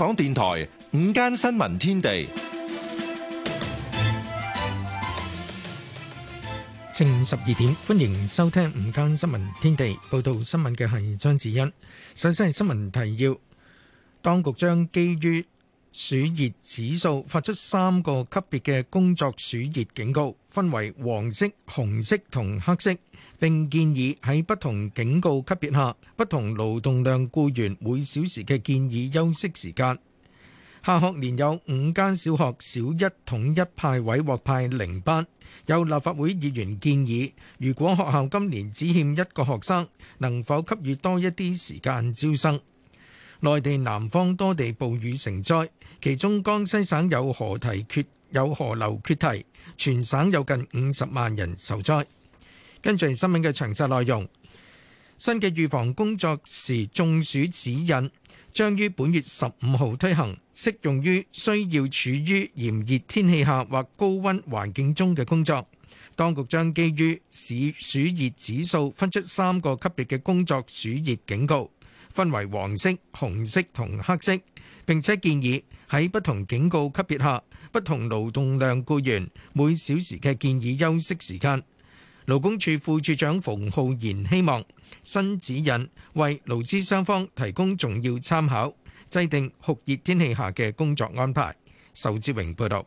港電台午間新聞天地，正午十二點，歡迎收聽午間新聞天地。報道新聞嘅係張子欣。首先係新聞提要，當局將基於暑熱指數發出三個級別嘅工作暑熱警告，分為黃色、紅色同黑色。並建議喺不同警告級別下，不同勞動量僱員每小時嘅建議休息時間。下學年有五間小學小一統一派位獲派零班。有立法會議員建議，如果學校今年只欠一個學生，能否給予多一啲時間招生？內地南方多地暴雨成災，其中江西省有河堤決有河流缺堤，全省有近五十萬人受災。跟住新聞嘅詳細內容，新嘅預防工作時中暑指引將於本月十五號推行，適用於需要處於炎熱天氣下或高溫環境中嘅工作。當局將基於市暑熱指數分出三個級別嘅工作暑熱警告，分為黃色、紅色同黑色。並且建議喺不同警告級別下，不同勞動量僱員每小時嘅建議休息時間。勞工處副處長馮浩然希望新指引為勞資雙方提供重要參考，制定酷熱天氣下嘅工作安排。仇志榮報道。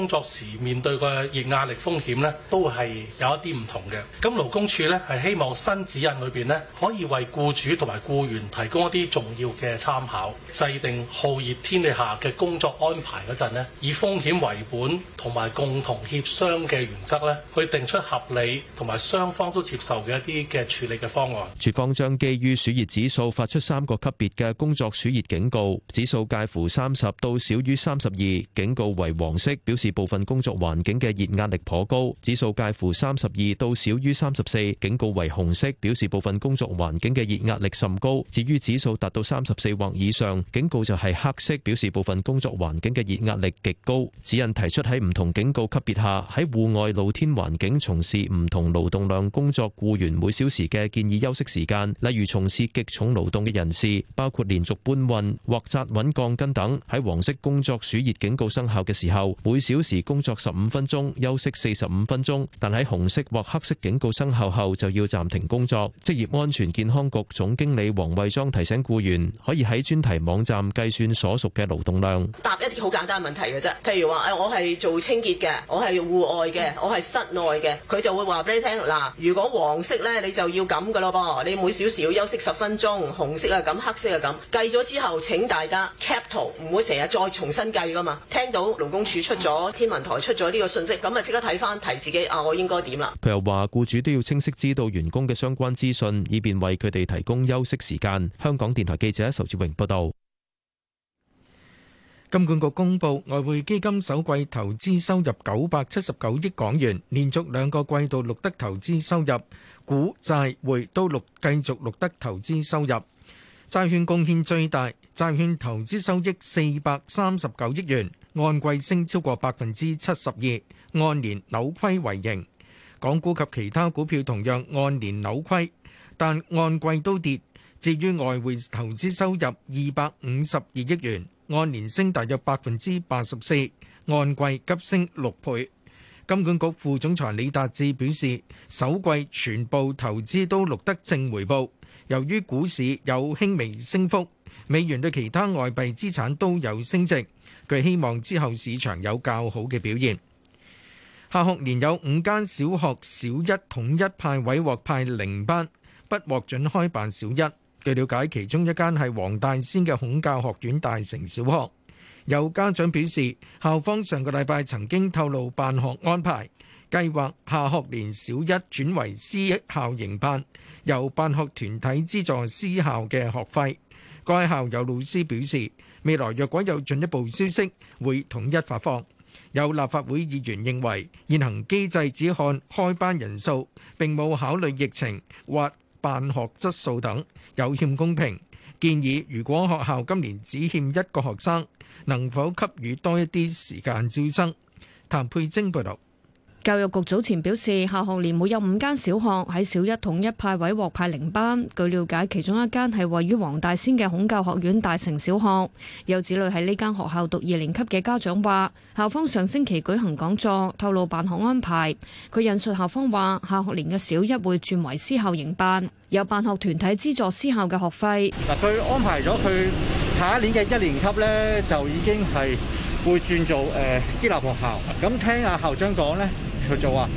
工作時面對嘅熱壓力風險咧，都係有一啲唔同嘅。咁勞工處咧，係希望新指引裏邊咧，可以為僱主同埋僱員提供一啲重要嘅參考，制定酷熱天氣下嘅工作安排嗰陣咧，以風險為本同埋共同協商嘅原則咧，去定出合理同埋雙方都接受嘅一啲嘅處理嘅方案。處方將基於暑熱指數發出三個級別嘅工作暑熱警告，指數介乎三十到小於三十二，警告為黃色，表示，部分工作環境嘅熱壓力頗高，指數介乎三十二到少於三十四，警告為紅色，表示部分工作環境嘅熱壓力甚高。至於指數達到三十四或以上，警告就係黑色，表示部分工作環境嘅熱壓力極高。指引提出喺唔同警告級別下，喺戶外露天環境從事唔同勞動量工作僱員每小時嘅建議休息時間，例如從事極重勞動嘅人士，包括連續搬運或紮穩鋼筋等，喺黃色工作暑熱警告生效嘅時候，每小。每小時工作十五分鐘，休息四十五分鐘。但喺紅色或黑色警告生效後，就要暫停工作。職業安全健康局總經理黃衛莊提醒僱員，可以喺專題網站計算所屬嘅勞動量。答一啲好簡單嘅問題嘅啫，譬如話誒，我係做清潔嘅，我係戶外嘅，我係室內嘅，佢就會話俾你聽嗱，如果黃色呢，你就要咁噶咯噃，你每小時要休息十分鐘，紅色啊咁，黑色啊咁，計咗之後，請大家 cap 圖，唔會成日再重新計噶嘛。聽到勞工處出咗。天文台出咗呢個信息，咁啊即刻睇返，提自己啊，我應該點啦？佢又話雇主都要清晰知道員工嘅相關資訊，以便為佢哋提供休息時間。香港電台記者仇志榮報道。金管局公布外匯基金首季投資收入九百七十九億港元，連續兩個季度錄得投資收入，股債匯都錄繼續錄得投資收入，債券貢獻最大，債券投資收益四百三十九億元。按季升超過百分之七十二，按年扭虧為盈。港股及其他股票同樣按年扭虧，但按季都跌。至於外匯投資收入二百五十二億元，按年升大約百分之八十四，按季急升六倍。金管局副總裁李達志表示，首季全部投資都錄得正回報。由於股市有輕微升幅，美元對其他外幣資產都有升值。佢希望之後市場有較好嘅表現。下學年有五間小學小一統一派位獲派零班，不獲准開辦小一。據了解，其中一間係黃大仙嘅孔教學院大成小學。有家長表示，校方上個禮拜曾經透露辦學安排，計劃下學年小一轉為私校營辦，由辦學團體資助私校嘅學費。該校有老師表示。未來若果有進一步消息，會統一發放。有立法會議員認為現行機制只看開班人數，並冇考慮疫情或辦學質素等，有欠公平。建議如果學校今年只欠一個學生，能否給予多一啲時間招生？譚佩晶報道。教育局早前表示，下學年會有五間小學喺小一統一派位獲派零班。據了解，其中一間係位於黃大仙嘅孔教學院大成小學。有子女喺呢間學校讀二年級嘅家長話，校方上星期舉行講座，透露辦學安排。佢引述校方話，下學年嘅小一會轉為私校營辦，有辦學團體資助私校嘅學費。佢安排咗佢下一年嘅一年級呢，就已經係會轉做誒私立學校。咁聽阿校長講呢。佢就話，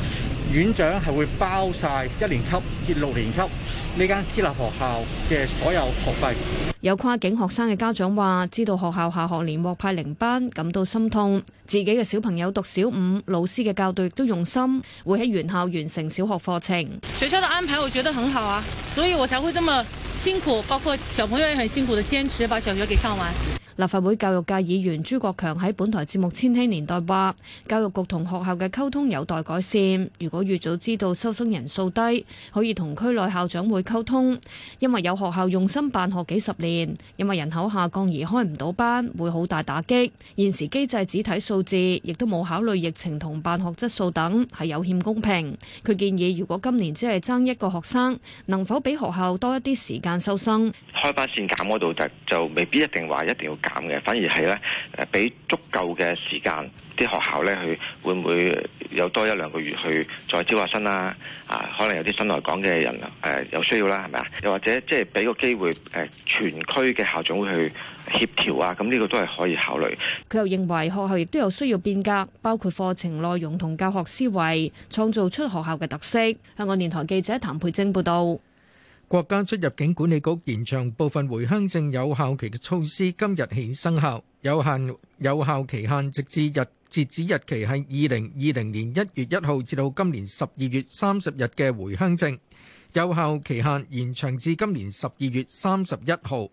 院長係會包晒一年級至六年級呢間私立學校嘅所有學費。有跨境學生嘅家長話，知道學校下學年獲派零班，感到心痛。自己嘅小朋友讀小五，老師嘅教導亦都用心，會喺原校完成小學課程。學校的安排，我覺得很好啊，所以我才會這麼辛苦，包括小朋友也很辛苦的堅持把小學給上完。立法會教育界議員朱國強喺本台節目《千禧年代》話：教育局同學校嘅溝通有待改善。如果越早知道收生人數低，可以同區內校長會溝通。因為有學校用心辦學幾十年，因為人口下降而開唔到班，會好大打擊。現時機制只睇數字，亦都冇考慮疫情同辦學質素等，係有欠公平。佢建議，如果今年只係爭一個學生，能否俾學校多一啲時間收生？開班先減嗰度就就未必一定話一定要。減嘅，反而係咧，誒俾足夠嘅時間啲學校咧，去會唔會有多一兩個月去再招下新啦？啊，可能有啲新來港嘅人誒有需要啦，係咪啊？又或者即係俾個機會誒全區嘅校長去協調啊？咁呢個都係可以考慮。佢又認為學校亦都有需要變革，包括課程內容同教學思維，創造出學校嘅特色。香港電台記者譚培晶報道。國家出入境管理局延長部分回鄉證有效期嘅措施今日起生效，有限有效期限直至日截止日期係二零二零年一月一號，至到今年十二月三十日嘅回鄉證有效期限延長至今年十二月三十一號。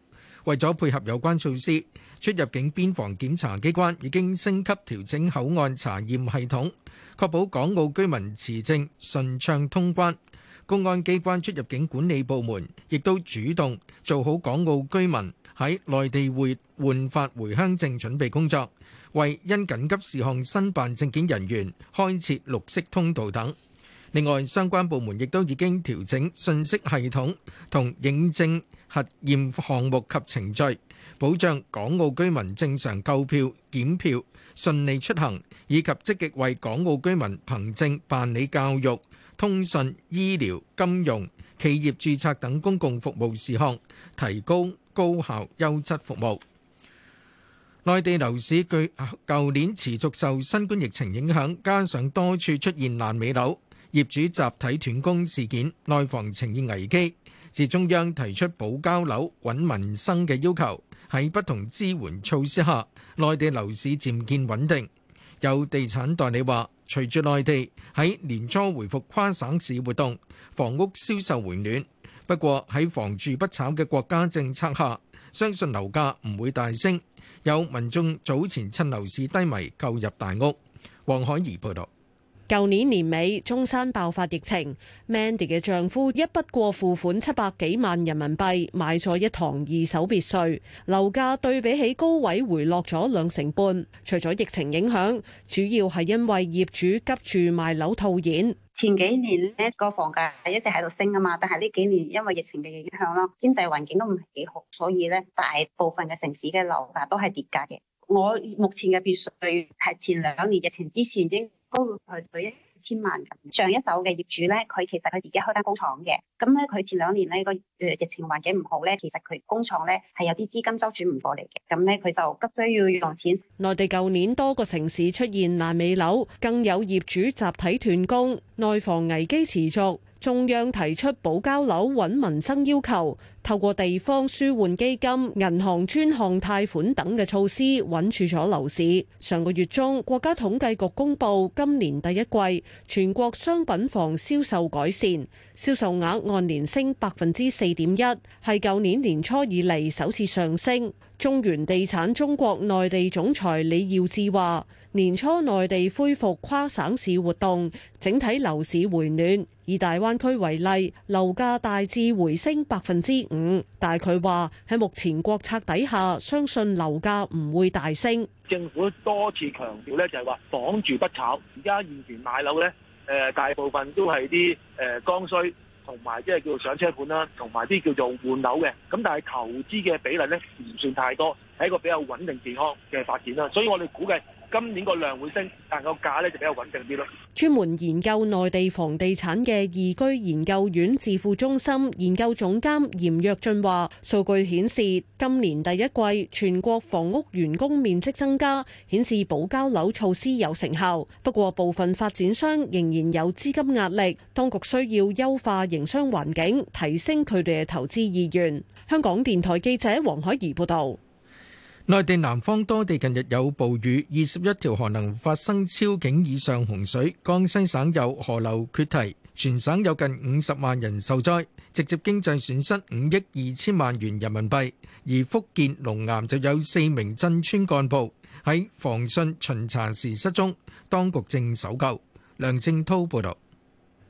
為咗配合有關措施，出入境邊防檢查機關已經升級調整口岸查驗系統，確保港澳居民持證順暢通關。公安機關出入境管理部門亦都主動做好港澳居民喺內地換換發回鄉證準備工作，為因緊急事項申辦證件人員開設綠色通道等。另外，相關部門亦都已經調整信息系統同認證核驗項目及程序，保障港澳居民正常購票、檢票、順利出行，以及積極為港澳居民憑證辦理教育、通信、醫療、金融、企業註冊等公共服務事項，提供高效優質服務。內地樓市據舊年持續受新冠疫情影響，加上多處出現爛尾樓、業主集體斷供事件，內房呈現危機。自中央提出保交樓、穩民生嘅要求，喺不同支援措施下，內地樓市漸見穩定。有地產代理話。隨住內地喺年初回復跨省市活動，房屋銷售回暖。不過喺房住不炒嘅國家政策下，相信樓價唔會大升。有民眾早前趁樓市低迷購入大屋。黃海怡報道。舊年年尾，中山爆發疫情，Mandy 嘅丈夫一筆過付款七百幾萬人民幣買咗一堂二手別墅，樓價對比起高位回落咗兩成半。除咗疫情影響，主要係因為業主急住賣樓套現。前幾年呢個房價係一直喺度升啊嘛，但係呢幾年因為疫情嘅影響咯，經濟環境都唔係幾好，所以呢大部分嘅城市嘅樓價都係跌價嘅。我目前嘅別墅係前兩年疫情之前已經。高個對一千萬人上一手嘅業主咧，佢其實佢自己開間工廠嘅，咁咧佢前兩年呢個誒疫情環境唔好咧，其實佢工廠咧係有啲資金周轉唔過嚟嘅，咁咧佢就急需要用錢。內地舊年多個城市出現爛尾樓，更有業主集體斷供，內房危機持續。中央提出保交樓穩民生要求，透過地方舒緩基金、銀行專項貸款等嘅措施，穩住咗樓市。上個月中，國家統計局公布今年第一季全國商品房銷售改善，銷售額按年升百分之四點一，係舊年年初以嚟首次上升。中原地產中國內地總裁李耀智話。年初內地恢復跨省市活動，整體樓市回暖。以大灣區為例，樓價大致回升百分之五。但係佢話喺目前國策底下，相信樓價唔會大升。政府多次強調咧，就係話房住不炒。而家現前買樓咧，誒、呃、大部分都係啲誒剛需同埋即係叫做上車盤啦，同埋啲叫做換樓嘅。咁但係投資嘅比例咧唔算太多，係一個比較穩定健康嘅發展啦。所以我哋估計，今年個量會升，但個價呢就比較穩定啲咯。專門研究內地房地產嘅易居研究院智庫中心研究總監嚴躍進話：數據顯示今年第一季全國房屋員工面積增加，顯示保交樓措施有成效。不過，部分發展商仍然有資金壓力，當局需要優化營商環境，提升佢哋嘅投資意願。香港電台記者黃海怡報道。內地南方多地近日有暴雨，二十一條河能發生超警以上洪水，江西省有河流決堤，全省有近五十萬人受災，直接經濟損失五億二千萬元人民幣。而福建龍岩就有四名鎮村幹部喺防汛巡查時失蹤，當局正搜救。梁正濤報道。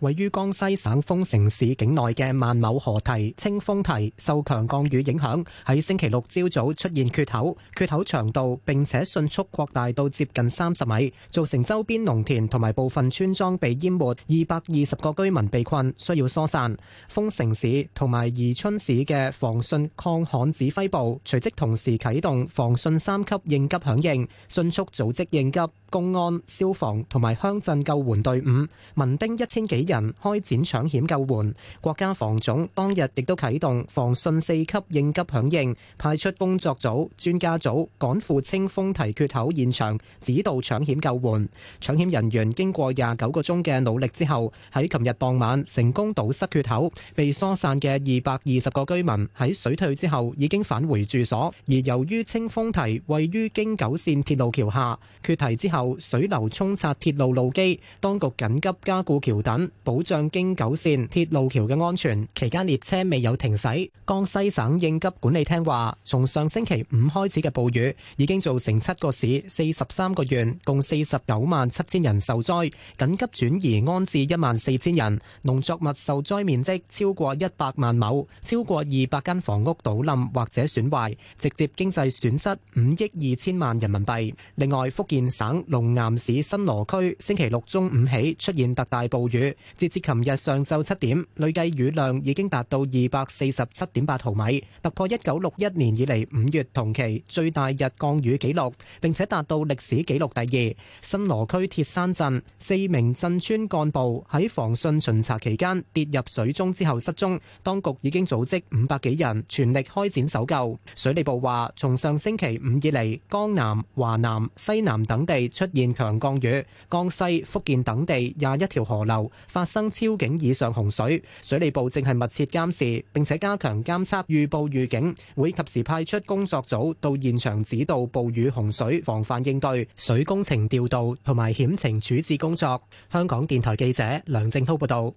位於江西省豐城市境內嘅萬畝河堤、清豐堤受強降雨影響，喺星期六朝早出現缺口，缺口長度並且迅速擴大到接近三十米，造成周邊農田同埋部分村莊被淹沒，二百二十個居民被困，需要疏散。豐城市同埋宜春市嘅防汛抗旱指揮部隨即同時啟動防汛三級應急響應，迅速組織應急。公安、消防同埋鄉鎮救援隊伍、民兵一千幾人開展搶險救援。國家防總當日亦都啟動防汛四級應急響應，派出工作組專家組趕赴清風堤缺口現場指導搶險救援。搶險人員經過廿九個鐘嘅努力之後，喺琴日傍晚成功堵塞缺口。被疏散嘅二百二十個居民喺水退之後已經返回住所。而由於清風堤位於京九線鐵路橋下，決堤之後。水流沖刷鐵路路基，當局緊急加固橋墩，保障京九線鐵路橋嘅安全。期間列車未有停駛。江西省應急管理廳話，從上星期五開始嘅暴雨已經造成七個市、四十三個縣，共四十九萬七千人受災，緊急轉移安置一萬四千人，農作物受災面積超過一百萬畝，超過二百間房屋倒冧或者損壞，直接經濟損失五億二千萬人民幣。另外，福建省。龍巖市新羅區星期六中午起出現特大暴雨，截至琴日上晝七點，累計雨量已經達到二百四十七點八毫米，突破一九六一年以嚟五月同期最大日降雨紀錄，並且達到歷史紀錄第二。新羅區鐵山鎮四名鎮村幹部喺防汛巡查期間跌入水中之後失蹤，當局已經組織五百幾人全力開展搜救。水利部話，從上星期五以嚟，江南、華南、西南等地。出現強降雨，江西、福建等地廿一條河流發生超警以上洪水，水利部正係密切監視，並且加強監測、預報、預警，會及時派出工作組到現場指導暴雨洪水防範應對、水工程調度同埋險情處置工作。香港電台記者梁正滔報道。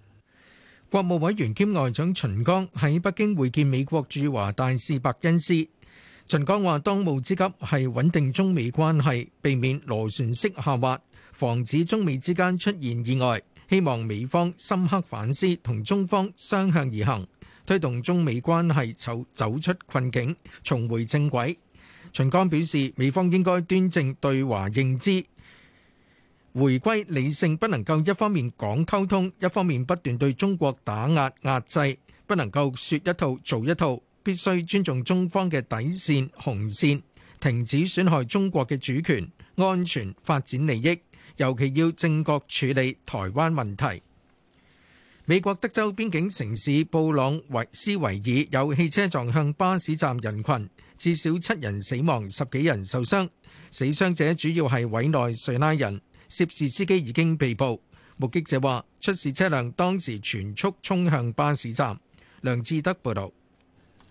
國務委員兼外長秦剛喺北京會見美國駐華大使伯恩斯。秦剛話：當務之急係穩定中美關係，避免螺旋式下滑，防止中美之間出現意外。希望美方深刻反思，同中方相向而行，推動中美關係走走出困境，重回正軌。秦剛表示，美方應該端正對華認知，回歸理性，不能夠一方面講溝通，一方面不斷對中國打壓壓制，不能夠說一套做一套。必須尊重中方嘅底線、紅線，停止損害中國嘅主權、安全、發展利益，尤其要正確處理台灣問題。美國德州邊境城市布朗維斯維爾有汽車撞向巴士站人群，至少七人死亡，十幾人受傷，死傷者主要係委內瑞拉人。涉事司機已經被捕。目擊者話，出事車輛當時全速衝向巴士站。梁志德報道。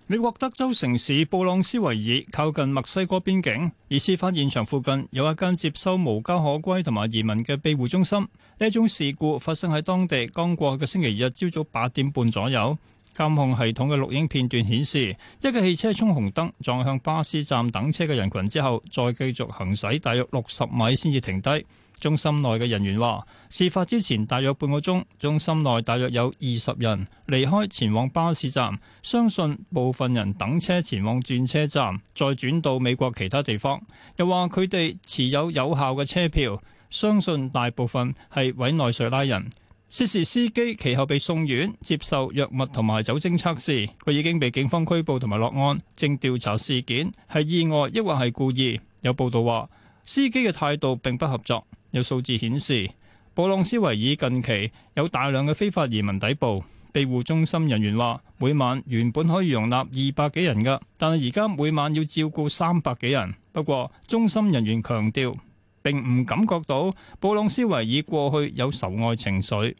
美國德州城市布朗斯維爾靠近墨西哥邊境，而事發現場附近有一間接收無家可歸同埋移民嘅庇護中心。呢種事故發生喺當地，剛過去嘅星期日朝早八點半左右，監控系統嘅錄影片段顯示，一個汽車衝紅燈撞向巴士站等車嘅人群之後，再繼續行駛大約六十米先至停低。中心內嘅人員話：事發之前大約半個鐘，中心內大約有二十人離開，前往巴士站。相信部分人等車前往轉車站，再轉到美國其他地方。又話佢哋持有有效嘅車票，相信大部分係委內瑞拉人。涉事司機其後被送院接受藥物同埋酒精測試，佢已經被警方拘捕同埋落案，正調查事件係意外抑或係故意。有報道話司機嘅態度並不合作。有數字顯示，布朗斯維爾近期有大量嘅非法移民抵步庇護中心。人員話，每晚原本可以容納二百幾人嘅，但係而家每晚要照顧三百幾人。不過，中心人員強調並唔感覺到布朗斯維爾過去有仇外情緒。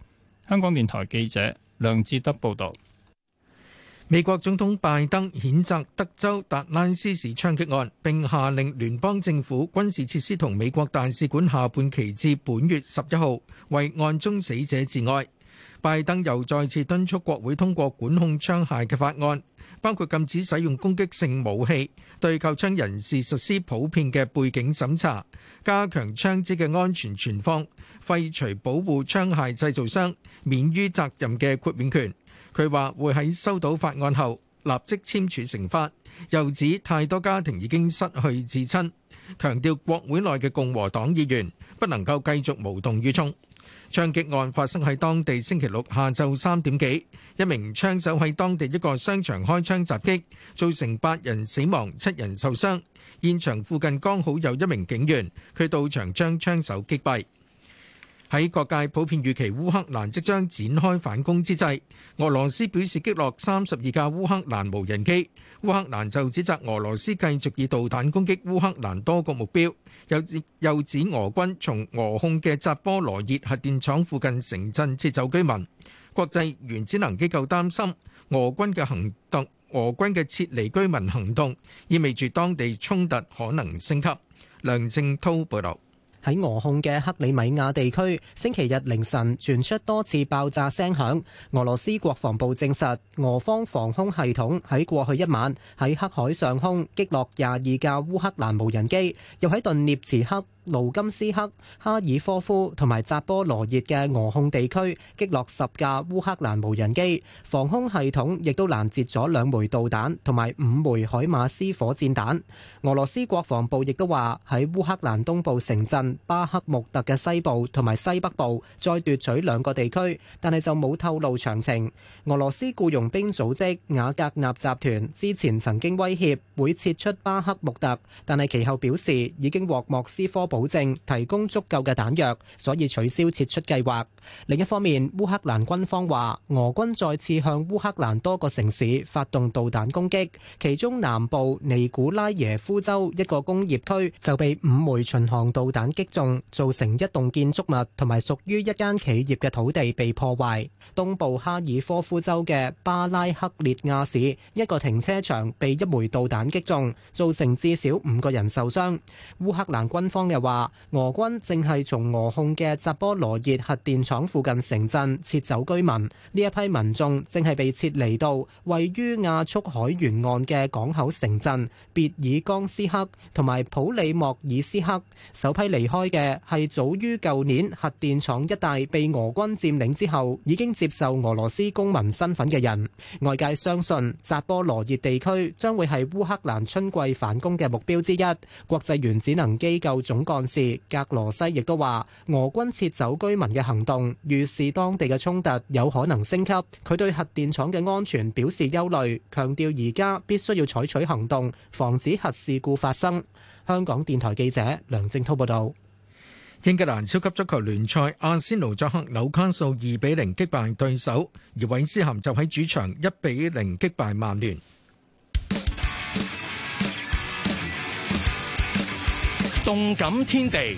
香港電台記者梁志德報導。美國總統拜登譴責德州達拉斯市槍擊案，並下令聯邦政府軍事設施同美國大使館下半旗至本月十一號為案中死者致哀。拜登又再次敦促國會通過管控槍械嘅法案，包括禁止使用攻擊性武器、對購槍人士實施普遍嘅背景審查、加強槍支嘅安全存放、廢除保護槍械製造商免於責任嘅豁免權。佢話會喺收到法案後立即簽署成法，又指太多家庭已經失去至親，強調國會內嘅共和黨議員不能夠繼續無動於衷。槍擊案發生喺當地星期六下晝三點幾，一名槍手喺當地一個商場開槍襲擊，造成八人死亡、七人受傷。現場附近剛好有一名警員，佢到場將槍手擊斃。喺各界普遍預期烏克蘭即將展開反攻之際，俄羅斯表示擊落三十二架烏克蘭無人機。烏克蘭就指責俄羅斯繼續以導彈攻擊烏克蘭多個目標，又又指俄軍從俄控嘅扎波羅熱核電廠附近城鎮撤走居民。國際原子能機構擔心俄軍嘅行動，俄軍嘅撤離居民行動意味住當地衝突可能升級。梁正滔報導。喺俄控嘅克里米亞地區，星期日凌晨傳出多次爆炸聲響。俄羅斯國防部證實，俄方防空系統喺過去一晚喺黑海上空擊落廿二架烏克蘭無人機，又喺頓涅茨克、盧金斯克、哈爾科夫同埋扎波羅熱嘅俄控地區擊落十架烏克蘭無人機，防空系統亦都攔截咗兩枚導彈同埋五枚海馬斯火箭彈。俄羅斯國防部亦都話喺烏克蘭東部城鎮巴克穆特嘅西部同埋西北部再奪取兩個地區，但係就冇透露詳情。俄羅斯僱傭兵組織瓦格納集團之前曾經威脅會撤出巴克穆特，但係其後表示已經獲莫斯科，保證提供足夠嘅彈藥，所以取消撤出計劃。另一方面，烏克蘭軍方話俄軍再次向烏克蘭多個城市發動導彈攻擊，其中南部尼古拉耶夫州一個工業區就被五枚巡航導彈擊中，造成一棟建築物同埋屬於一間企業嘅土地被破壞，東部哈爾科夫州嘅巴拉克列亞市一個停車場被一枚導彈擊中，造成至少五個人受傷，烏克蘭軍方又話俄軍正係從俄控嘅扎波羅熱核電廠。廠附近城鎮撤走居民，呢一批民眾正係被撤離到位於亞速海沿岸嘅港口城鎮別爾江斯克同埋普里莫爾斯克。首批離開嘅係早於舊年核電廠一帶被俄軍佔領之後，已經接受俄羅斯公民身份嘅人。外界相信扎波羅熱地區將會係烏克蘭春季反攻嘅目標之一。國際原子能機構總幹事格羅西亦都話，俄軍撤走居民嘅行動，預示當地嘅衝突有可能升級，佢對核電廠嘅安全表示憂慮，強調而家必須要採取行動，防止核事故發生。香港電台記者梁正濤報道。英格蘭超級足球聯賽，阿仙奴作客紐卡素二比零擊敗對手，而韋斯咸就喺主場一比零擊敗曼聯。動感天地。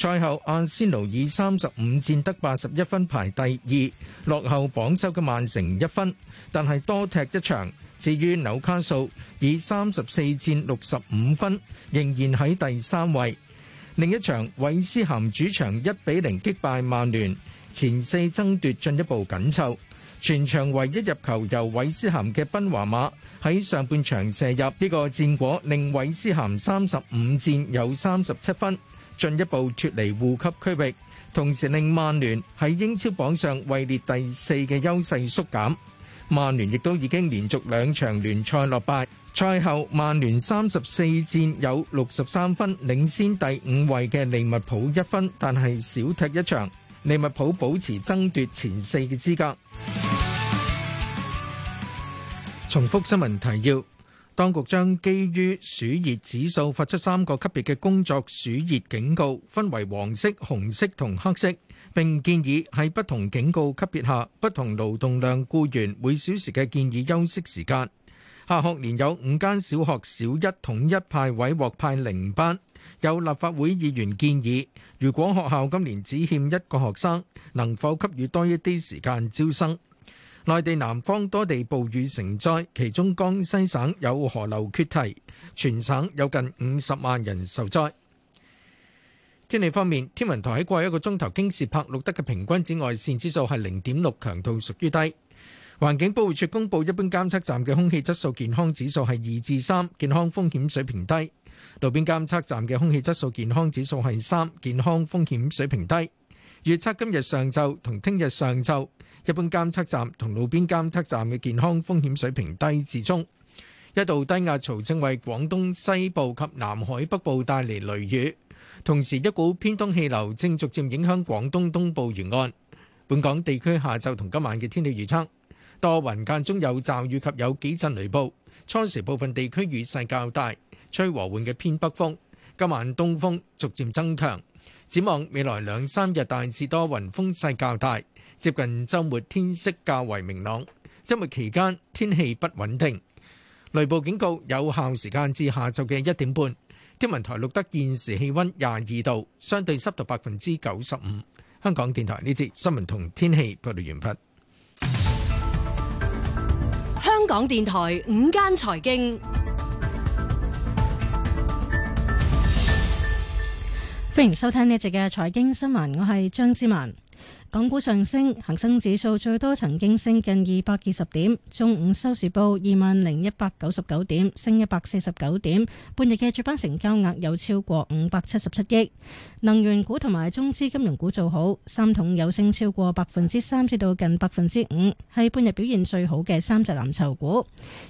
賽後，阿仙奴以三十五戰得八十一分排第二，落後榜首嘅曼城一分，但係多踢一場。至於紐卡素以三十四戰六十五分，仍然喺第三位。另一場，韋斯咸主場一比零擊敗曼聯，前四爭奪進一步緊湊。全場唯一入球由韋斯咸嘅賓華馬喺上半場射入，呢個戰果令韋斯咸三十五戰有三十七分。進一步脫離護級區域，同時令曼聯喺英超榜上位列第四嘅優勢縮減。曼聯亦都已經連續兩場聯賽落敗，賽後曼聯三十四戰有六十三分，領先第五位嘅利物浦一分，但係少踢一場，利物浦保持爭奪前四嘅資格。重複新聞提要。當局將基於暑熱指數發出三個級別嘅工作暑熱警告，分為黃色、紅色同黑色。並建議喺不同警告級別下，不同勞動量僱員每小時嘅建議休息時間。下學年有五間小學小一統一派位獲派零班。有立法會議員建議，如果學校今年只欠一個學生，能否給予多一啲時間招生？內地南方多地暴雨成災，其中江西省有河流決堤，全省有近五十萬人受災。天氣方面，天文台喺過去一個鐘頭京士柏錄得嘅平均紫外線指數係零點六，強度屬於低。環境保護署公布，一般監測站嘅空氣質素健康指數係二至三，健康風險水平低；路邊監測站嘅空氣質素健康指數係三，健康風險水平低。預測今日上晝同聽日上晝一般監測站同路邊監測站嘅健康風險水平低至中。一道低壓槽正為廣東西部及南海北部帶嚟雷雨，同時一股偏東氣流正逐漸影響廣東東部沿岸。本港地區下晝同今晚嘅天氣預測，多雲間中有驟雨及有幾陣雷暴，初時部分地區雨勢較大，吹和緩嘅偏北風，今晚東風逐漸增強。展望未來兩三日大致多雲，風勢較大。接近周末天色較為明朗，周末期間天氣不穩定，雷暴警告有效時間至下晝嘅一點半。天文台錄得現時氣温廿二度，相對濕度百分之九十五。香港電台呢節新聞同天氣報道完畢。香港電台午間財經。歡迎收聽呢一節嘅財經新聞，我係張思文。港股上升，恒生指數最多曾經升近二百二十點，中午收市報二萬零一百九十九點，升一百四十九點。半日嘅主板成交額有超過五百七十七億。能源股同埋中資金融股做好，三桶油升超過百分之三至到近百分之五，係半日表現最好嘅三隻藍籌股。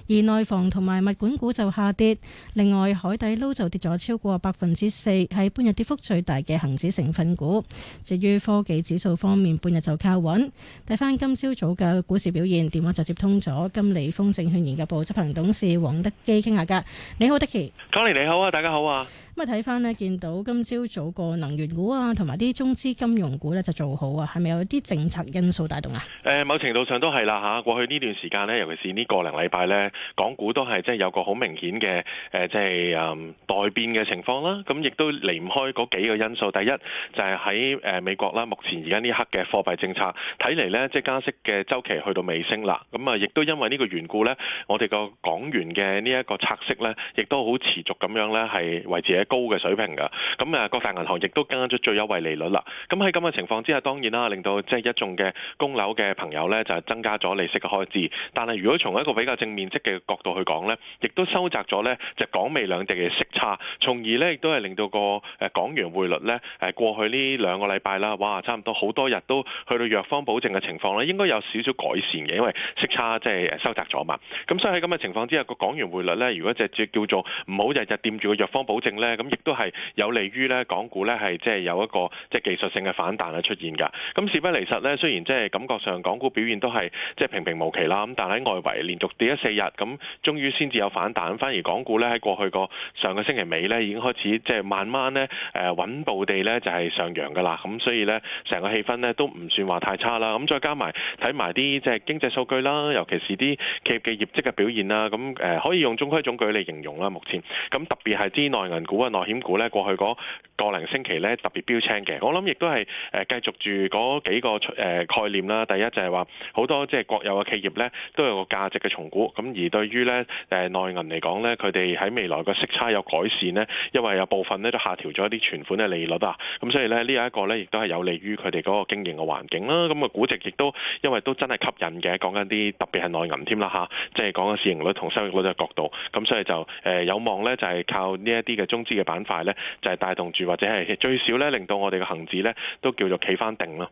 而內房同埋物管股就下跌，另外海底撈就跌咗超過百分之四，係半日跌幅最大嘅恒指成分股。至於科技指數方面，半日就靠穩，睇翻今朝早嘅股市表現。電話就接通咗，金利豐證券研究部執行董事黃德基傾下偈。你好，德基，江連你好啊，大家好啊。咁啊，睇翻呢？見到今朝早個能源股啊，同埋啲中資金融股咧就做好啊，係咪有啲政策因素帶動啊？誒，某程度上都係啦嚇。過去呢段時間呢，尤其是呢個零禮拜呢，港股都係即係有個好明顯嘅誒，即係誒代變嘅情況啦。咁亦都離唔開嗰幾個因素。第一就係喺誒美國啦，目前而家呢刻嘅貨幣政策睇嚟呢，看來即係加息嘅週期去到尾聲啦。咁啊，亦都因為呢個緣故呢，我哋個港元嘅呢一個拆息呢，亦都好持續咁樣呢，係維持喺高嘅水平㗎，咁誒各大銀行亦都加咗最優惠利率啦。咁喺咁嘅情況之下，當然啦，令到即係一眾嘅供樓嘅朋友咧，就係增加咗利息嘅開支。但係如果從一個比較正面積極嘅角度去講咧，亦都收窄咗咧，即係港美兩地嘅息差，從而咧亦都係令到個港元匯率咧誒過去呢兩個禮拜啦，哇，差唔多好多日都去到弱方保證嘅情況咧，應該有少少改善嘅，因為息差即係收窄咗嘛。咁所以喺咁嘅情況之下，個港元匯率咧，如果只叫叫做唔好日日掂住個弱方保證咧。咁亦都係有利於咧，港股咧係即係有一個即係技術性嘅反彈啊出現㗎。咁事不離實咧，雖然即係感覺上港股表現都係即係平平無奇啦。咁但係喺外圍連續跌咗四日，咁終於先至有反彈。反而港股咧喺過去個上個星期尾咧已經開始即係慢慢咧誒穩步地咧就係上揚㗎啦。咁所以咧成個氣氛咧都唔算話太差啦。咁再加埋睇埋啲即係經濟數據啦，尤其是啲企業嘅業績嘅表現啦。咁誒可以用中規中矩嚟形容啦。目前咁特別係啲內銀股啊。內險股咧過去嗰個零星期咧特別標青嘅，我諗亦都係誒繼續住嗰幾個、呃、概念啦。第一就係話好多即係國有嘅企業咧都有個價值嘅重估。咁而對於咧誒、呃、內銀嚟講咧，佢哋喺未來個息差有改善咧，因為有部分咧都下調咗一啲存款嘅利率啊。咁所以咧呢一、這個咧亦都係有利於佢哋嗰個經營嘅環境啦、啊。咁個估值亦都因為都真係吸引嘅，講緊啲特別係內銀添啦嚇，即係講個市盈率同收益率嘅角度。咁所以就誒、呃、有望咧就係、是、靠呢一啲嘅中資。嘅板塊咧，就係、是、帶動住或者係最少咧，令到我哋嘅恆指咧，都叫做企翻定咯。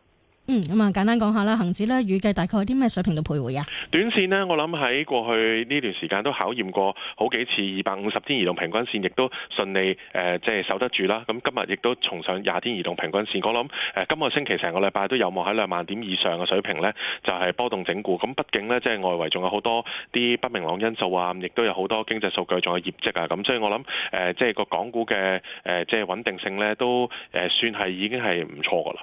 嗯，咁啊，簡單講下啦，恒指咧預計大概有啲咩水平嘅徘徊啊？短線呢，我諗喺過去呢段時間都考驗過好幾次二百五十天移動平均線，亦都順利即係、呃就是、守得住啦。咁今日亦都重上廿天移動平均線。我諗、呃、今個星期成個禮拜都有望喺兩萬點以上嘅水平咧，就係、是、波動整固。咁畢竟咧，即係外圍仲有好多啲不明朗因素啊，亦都有好多經濟數據，仲有業績啊咁。所以我諗、呃、即係個港股嘅誒、呃、即係穩定性咧，都算係已經係唔錯噶啦。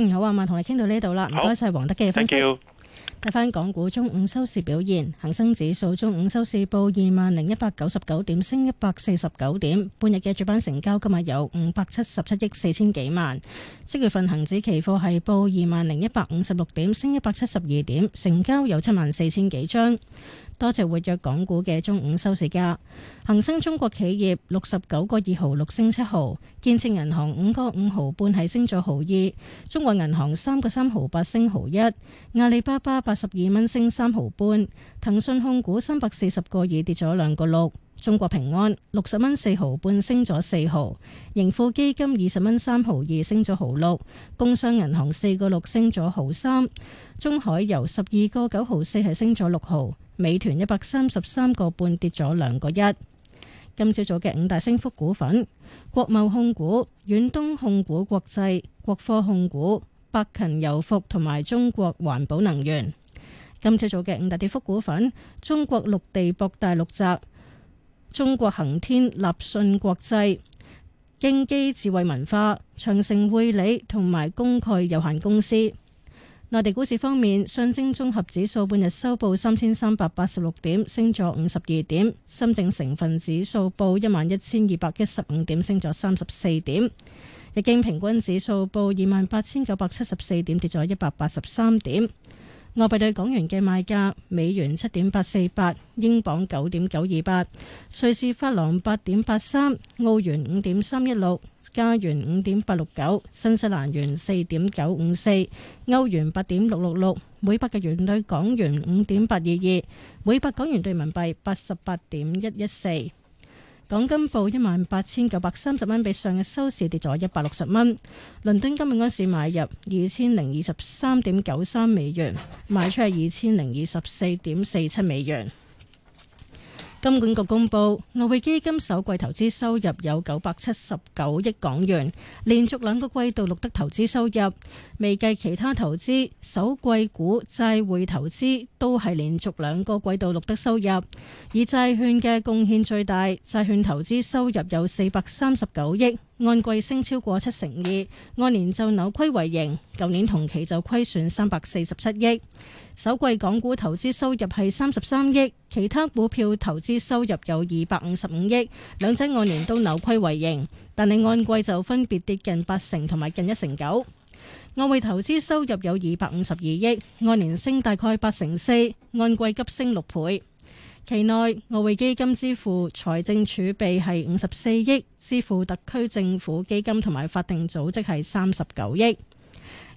嗯，好啊，咪同你傾到呢度啦，唔該晒王德基嘅分析。睇翻 Thank you. 港股中午收市表現，恒生指數中午收市報二萬零一百九十九點，升一百四十九點，半日嘅主板成交今日有五百七十七億四千幾萬。七月份恒指期貨係報二萬零一百五十六點，升一百七十二點，成交有七萬四千幾張。多隻活躍港股嘅中午收市價，恒生中國企業六十九個二毫六升七毫，建設銀行五個五毫半係升咗毫二，中國銀行三個三毫八升毫一，阿里巴巴八十二蚊升三毫半，騰訊控股三百四十個二跌咗兩個六。中國平安六十蚊四毫半升咗四毫，盈富基金二十蚊三毫二升咗毫六，工商銀行四個六升咗毫三，中海油十二個九毫四係升咗六毫，美團一百三十三個半跌咗兩個一。今朝早嘅五大升幅股份：國貿控股、遠東控股國際、國科控股、百勤油服同埋中國環保能源。今朝早嘅五大跌幅股份：中國陸地博、大陸集。中國恒天、立信國際、京基智慧文化、長盛匯理同埋工具有限公司。內地股市方面，上證綜合指數半日收報三千三百八十六點，升咗五十二點；深證成分指數報一萬一千二百一十五點，升咗三十四點；日經平均指數報二萬八千九百七十四點，跌咗一百八十三點。外幣對港元嘅賣價：美元七點八四八，英鎊九點九二八，瑞士法郎八點八三，澳元五點三一六，加元五點八六九，新西蘭元四點九五四，歐元八點六六六。每百嘅元兌港元五點八二二，每百港元兌人民幣八十八點一一四。港金報一萬八千九百三十蚊，比上日收市跌咗一百六十蚊。倫敦金每盎司買入二千零二十三點九三美元，賣出係二千零二十四點四七美元。金管局公布，外匯基金首季投資收入有九百七十九億港元，連續兩個季度錄得投資收入。未計其他投資，首季股債匯投資都係連續兩個季度錄得收入，以債券嘅貢獻最大，債券投資收入有四百三十九億。按季升超過七成二，按年就扭虧為盈。舊年同期就虧損三百四十七億，首季港股投資收入係三十三億，其他股票投資收入有二百五十五億，兩者按年都扭虧為盈，但係按季就分別跌近八成同埋近一成九。外匯投資收入有二百五十二億，按年升大概八成四，按季急升六倍。期內，外匯基金支付財政儲備係五十四億，支付特區政府基金同埋法定組織係三十九億。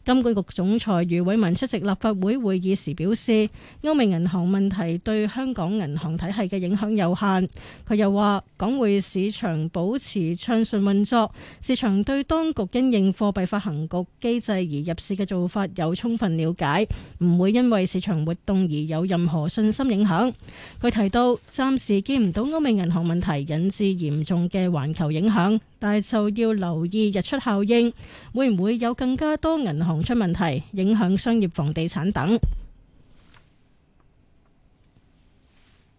金管局總裁余偉文出席立法會會議時表示，歐美銀行問題對香港銀行體系嘅影響有限。佢又話，港匯市場保持暢順運作，市場對當局因應貨幣發行局機制而入市嘅做法有充分了解，唔會因為市場活動而有任何信心影響。佢提到，暫時見唔到歐美銀行問題引致嚴重嘅環球影響。但係就要留意日出效應，會唔會有更加多銀行出問題，影響商業房地產等？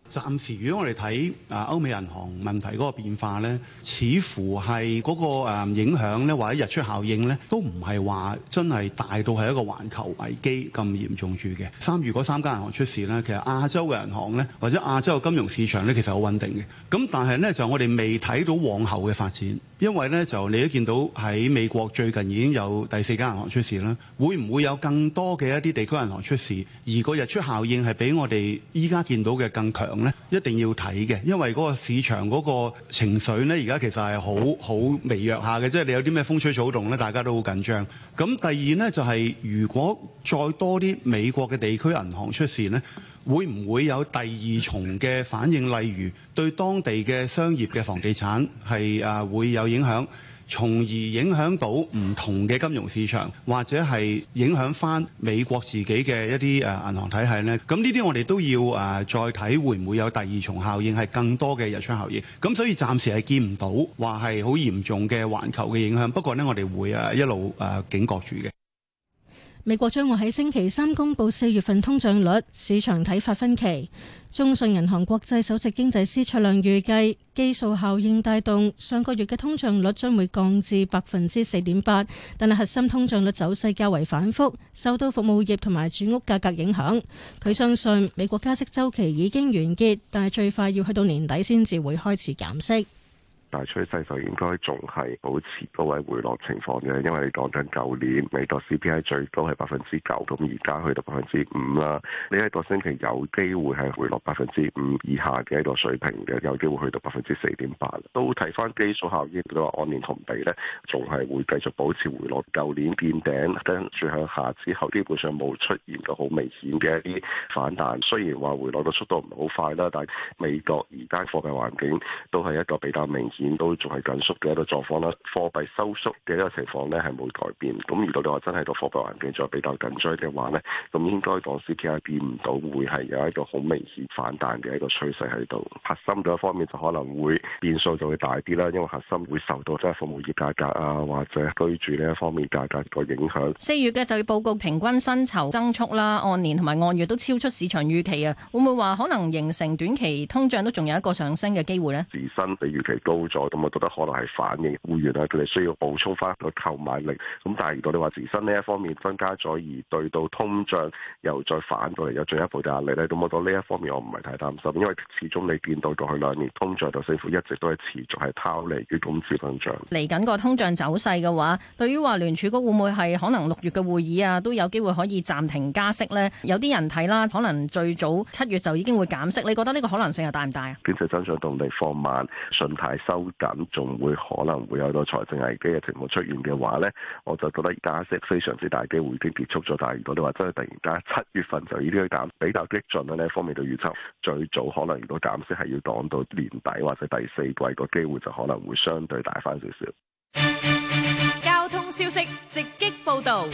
暫時，如果我哋睇啊歐美銀行問題嗰個變化呢，似乎係嗰個影響咧，或者日出效應呢都唔係話真係大到係一個環球危機咁嚴重住嘅。如果三月嗰三間銀行出事呢，其實亞洲嘅銀行咧，或者亞洲嘅金融市場呢其實好穩定嘅。咁但係呢，就我哋未睇到往後嘅發展。因為呢就你都見到喺美國最近已經有第四間銀行出事啦，會唔會有更多嘅一啲地區銀行出事？而個日出效應係比我哋依家見到嘅更強呢？一定要睇嘅，因為嗰個市場嗰個情緒呢，而家其實係好好微弱下嘅，即係你有啲咩風吹草動呢？大家都好緊張。咁第二呢，就係如果再多啲美國嘅地區銀行出事呢。會唔會有第二重嘅反應？例如對當地嘅商業嘅房地產係啊會有影響，從而影響到唔同嘅金融市場，或者係影響翻美國自己嘅一啲誒銀行體系呢？咁呢啲我哋都要誒再睇會唔會有第二重效應，係更多嘅溢出效應。咁所以暫時係見唔到話係好嚴重嘅環球嘅影響。不過呢，我哋會啊一路誒警覺住嘅。美國將會喺星期三公布四月份通脹率，市場睇法分歧。中信銀行國際首席經濟師卓亮預計，基數效應帶動上個月嘅通脹率將會降至百分之四點八，但係核心通脹率走勢較為反覆，受到服務業同埋住屋價格影響。佢相信美國加息周期已經完結，但係最快要去到年底先至會開始減息。大趨勢就應該仲係保持高位回落情況嘅，因為你講緊舊年美國 CPI 最高係百分之九，咁而家去到百分之五啦。呢一個星期有機會係回落百分之五以下嘅一個水平嘅，有機會去到百分之四點八。都提翻基數效應，都話按年同比咧，仲係會繼續保持回落。舊年見頂跟住向下之後，基本上冇出現過好明顯嘅一啲反彈。雖然話回落嘅速度唔係好快啦，但係美國而家貨幣環境都係一個比較明顯，都仲係緊縮嘅一個狀況啦，貨幣收縮嘅一個情況咧，係冇改變。咁如果你話真係個貨幣環境再比較緊張嘅話咧，咁應該講 CPI 變唔到，會係有一個好明顯反彈嘅一個趨勢喺度。核心嘅一方面就可能會變數就會大啲啦，因為核心會受到即係服務業價格啊或者居住呢一方面的價格個影響。四月嘅就業報告平均薪酬增速啦，按年同埋按月都超出市場預期啊，會唔會話可能形成短期通脹都仲有一個上升嘅機會咧？時薪比預期高。咁我覺得可能係反映會員啊，佢哋需要補充翻個購買力。咁但係如果你話自身呢一方面增加咗，而對到通脹又再反過嚟，有進一步嘅壓力咧，咁我覺得呢一方面我唔係太擔心，因為始終你見到過去兩年通脹就似乎一直都係持續係拋離於工資增長。嚟緊個通脹走勢嘅話，對於話聯儲局會唔會係可能六月嘅會議啊，都有機會可以暫停加息咧？有啲人睇啦，可能最早七月就已經會減息。你覺得呢個可能性係大唔大啊？經濟增長動力放慢，信貸收。咁仲會可能會有個財政危機嘅情況出現嘅話咧，我就覺得加息非常之大機會已經結束咗。但係如果你話真係突然間七月份就已經去減比較激進咧，呢方面嘅預測最早可能如果減息係要擋到年底或者第四季個機會就可能會相對大翻少少。交通消息直擊報道。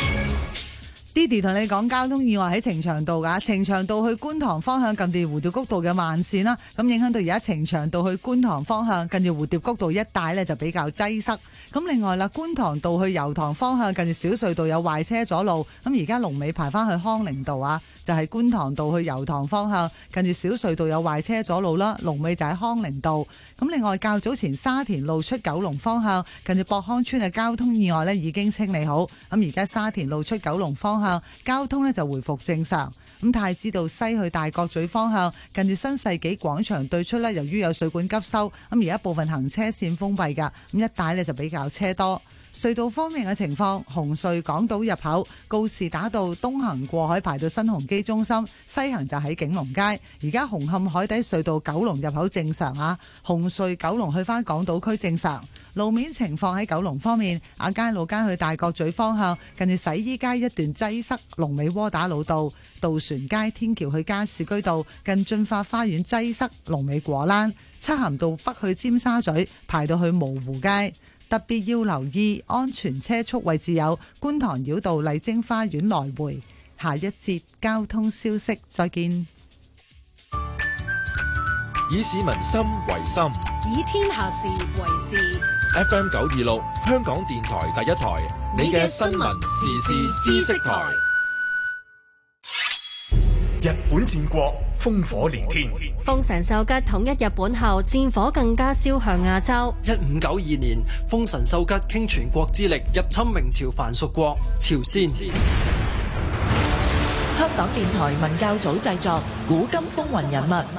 Didi 同你講交通意外喺呈祥道噶，呈祥道去觀塘方向近住蝴蝶谷道嘅慢線啦，咁影響到而家呈祥道去觀塘方向近住蝴蝶谷道一帶呢就比較擠塞。咁另外啦，觀塘道去油塘方向近住小隧道有壞車阻路，咁而家龍尾排翻去康寧道啊，就係觀塘道去油塘方向近住小隧道有壞車阻路啦。龍尾就喺康寧道。咁另外較早前沙田路出九龍方向近住博康村嘅交通意外呢已經清理好，咁而家沙田路出九龍方向，交通呢就回復正常，咁太子道西去大角咀方向，近住新世紀廣場對出呢，由於有水管急修，咁而一部分行車綫封閉噶，咁一帶呢就比較車多。隧道方面嘅情況，紅隧港島入口告士打道東行過海排到新鴻基中心，西行就喺景隆街。而家紅磡海底隧道九龍入口正常啊，紅隧九龍去返港島區正常。路面情況喺九龍方面，亞皆老街去大角咀方向近住洗衣街一段擠塞，龍尾窩打老道、渡船街天橋去加士居道近駿發花園擠塞，龍尾果欄。漆咸道北去尖沙咀排到去蕪湖街。特別要留意安全車速位置，有觀塘繞道麗晶花園來回。下一節交通消息，再見。以市民心為心，以天下事為事。FM 九二六，香港電台第一台，你嘅新聞時事知識台。日本戰國烽火連天，豐臣秀吉統一日本後，戰火更加燒向亞洲。一五九二年，豐臣秀吉傾全國之力入侵明朝藩屬國朝鮮。香港電台文教組製作《古今風雲人物》。